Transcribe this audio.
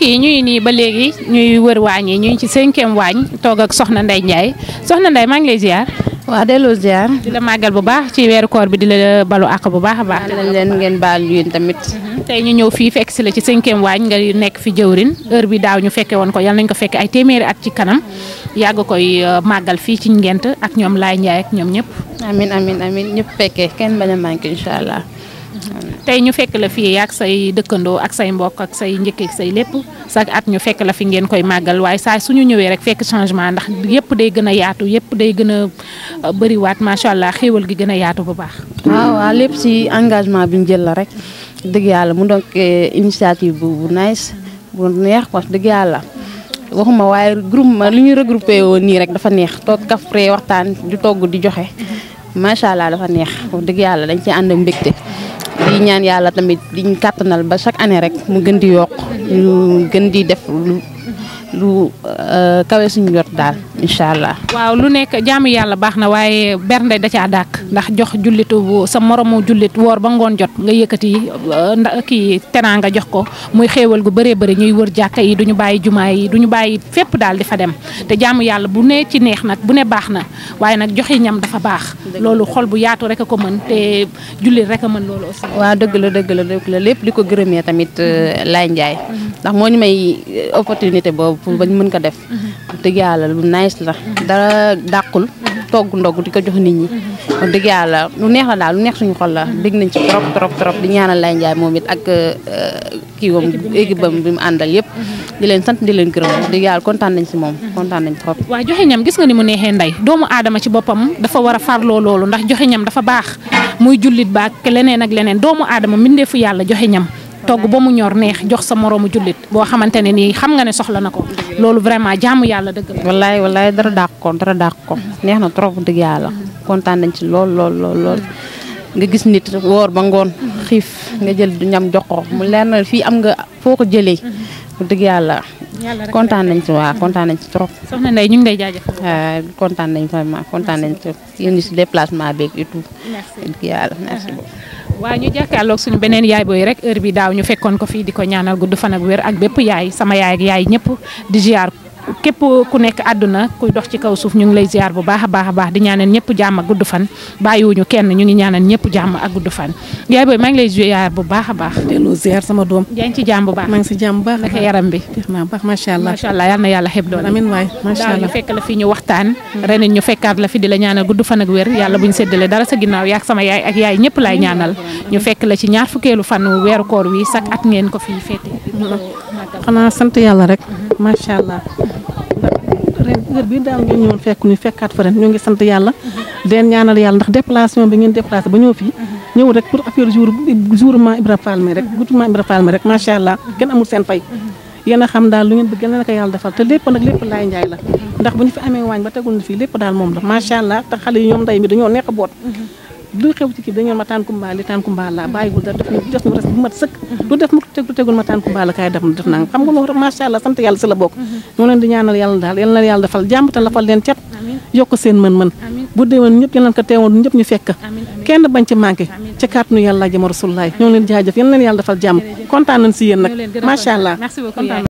mbokk yi ñuy nii ba léegi ñuy wër waañ yi ñuy ci cinquième waañ toog ak Soxna Ndeye Ndiaye Soxna Ndeye maa ngi lay ziar. waaw delloo ziar. di la màggal bu baax ci weeru koor bi di la balu àq bu baax baax. lañ leen ngeen baal yéen tamit. Mhm. tey ñu ñëw fii fekk si la ci cinquième waañ nga nekk fi jëwrin heure bi daaw ñu fekke woon ko yal nañ ko fekke ay téeméeri at ci kanam yàgg koy euh, màggal fii ci ngent ak ñoom Laay Ndiaye ak ñoom ñëpp. amiin amiin amiin ñëpp fekkee kenn bañ a manqué incha allah tey ñu fekk la fii ak say dëkkandoo ak say mbokk ak say njëkk ak say lépp chaque at ñu fekk la fi ngeen koy màggal waaye saa suñu ñëwee rek fekk changement ndax yëpp day gën yaatu yëpp day gën a euh, bëriwaat macha allah xéewal gi gën a yaatu bu baax. waaw lépp ci engagement bi ñu jël la rek dëgg yàlla mu donc euh, initiative bu bu nice bu neex wax dëgg yàlla. waxuma waaye groupement li ñu regroupé woon nii rek dafa neex toog kaf waxtaan di togg di joxe macha allah dafa neex wax dëgg yàlla dañ ci ànd ak mbégte. di ñaan yàlla tamit diñ kàttanal ba chaque année rek mu gën di yokk ñu gën di def lu lu euh, kawe suñu jot daal incha allah. waaw lu nekk jaamu yàlla baax na waaye bernde da ca dàq ndax jox jullitu bu sa moroom jullit woor ba ngoon jot nga yëkkati euh, kii nga jox ko muy xéewal gu bëree bëri ñuy wër jàkka yi du ñu bàyyi jumaa yi du ñu bàyyi fépp daal di fa dem te jaamu yàlla bu ne ci neex nag bu ne baax na waaye nag joxe ñam dafa baax. loolu xol bu yaatu rek a ko mën te jullit rek a mën loolu aussi. waaw dëgg la dëgg la dëgg lépp li ko gërëmee tamit euh, mm-hmm. Laye Ndiaye. Mm-hmm. ndax moo ñu may euh, opportunité boobu pour bañ def. Mm-hmm. bees la dara dàqul togg ndogg di ko jox nit ñi wax dëgg lu neex la daal lu neex suñu xol la bég nañ ci trop trop trop di ñaanal Laye Ndiaye moom it ak euh, kiiwam équipe bam bi mu àndal yëpp di leen sant di leen gërëm wax dëgg yàlla kontaan nañ si moom kontaan nañ trop waaw joxe ñam gis nga ni mu neexee ndey doomu aadama ci boppam dafa war a farloo loolu ndax joxe ñam dafa baax muy jullit baak leneen ak leneen doomu aadama mbindeefu yàlla joxe ñam togg ba mu ñor neex jox sa moroomu jullit boo xamante ne nii xam nga ne soxla na ko loolu vraiment jaamu yàlla dëgg la. wallaay wallaay dara dàq ko dara dàq ko neex na trop dëgg yàlla kontaan nañ ci lool lool lool lool. nga gis nit woor ba ngoon xiif nga jël ñam jox ko mu leer fii am nga foo ko jëlee dëgg yàlla kontaan nañ ci waa kontaan nañ ci trop soxna Ndeye ñu ngi lay jaajëfal euh, kontaan nañ vraiment kontaan nañ ci yéen ñi si déplacement beeg et tout dëgg yàlla merci waaw ñu jàkkaarloog suñu beneen yaay booy rek heure bi daaw ñu fekkoon ko fi di ko ñaanal gudd fan ak wér ak bépp yaay sama yaay ak yaay ñëpp di ziar képp ku nekk àdduna kuy dox ci kaw suuf ñu ngi lay ziar bu baax a baax a baax di ñaanal ñëpp jàmm ak gudd fan bàyyiwuñu kenn ñu ngi ñaanal ñëpp jàmm ak gudd fan yaay bu baax a baax. delloo sama doom. yaa ci jàmm bu maa ngi si jàmm bu baax. yaram bi. macha allah macha allah yal na yàlla xeb doon. amiin waay macha allah daaw ñu fekk la fi ñu waxtaan. ren ñu fekkaat la fi di la ñaanal gudd fan ak wér yàlla bu ñu séddale dara sa ginnaaw ak sama yaay ak yaay ñëpp laay ñaanal ñu fekk la ci ñaar fukkeelu fan weeru koor wi sak at ngeen ko fi féete mm-hmm. xanaa sant yàlla rek macha allah ndax ren heure bii daaw ngeen ñëwoon fekk ñu fekkaat fa ren ñoo ngi sant yàlla. den ñaanal yàlla ndax déplacement bi ngeen déplacé ba ñëw fii. ñëw rek pour affaire jour jour ma Ibra Fall mi rek groupement Ibra Fall mi rek macha allah kenn amul seen fay. yéen a xam daal lu ngeen bëgg na ko yàlla defal te lépp nag lépp laay njaay la ndax bu ñu fi amee waañ ba tegul na fii lépp daal moom la macha allah te xale yi ñoom nday mi dañoo neex a boot lu xew ci kii dañoon ma taan kumba li taan kumba la bàyyiwul dara def def na bu mat sëkk lu def mu tegu tegul ma taan kumba la kaay def na def xam nga loolu rek macha allah sant yàlla si la bokk mhm. ñoo leen di ñaanal yàlla daal yàlla defal jàmm te lafal leen cat yokk seen mën-mën bu déewoon ñëpp ñu fekk kenn bañ ci manqué ci kàttanu yàlla jëm rasulullaay ñoo leen jaajëf yàlla defal jàmm kontaan si yéen nag macha allah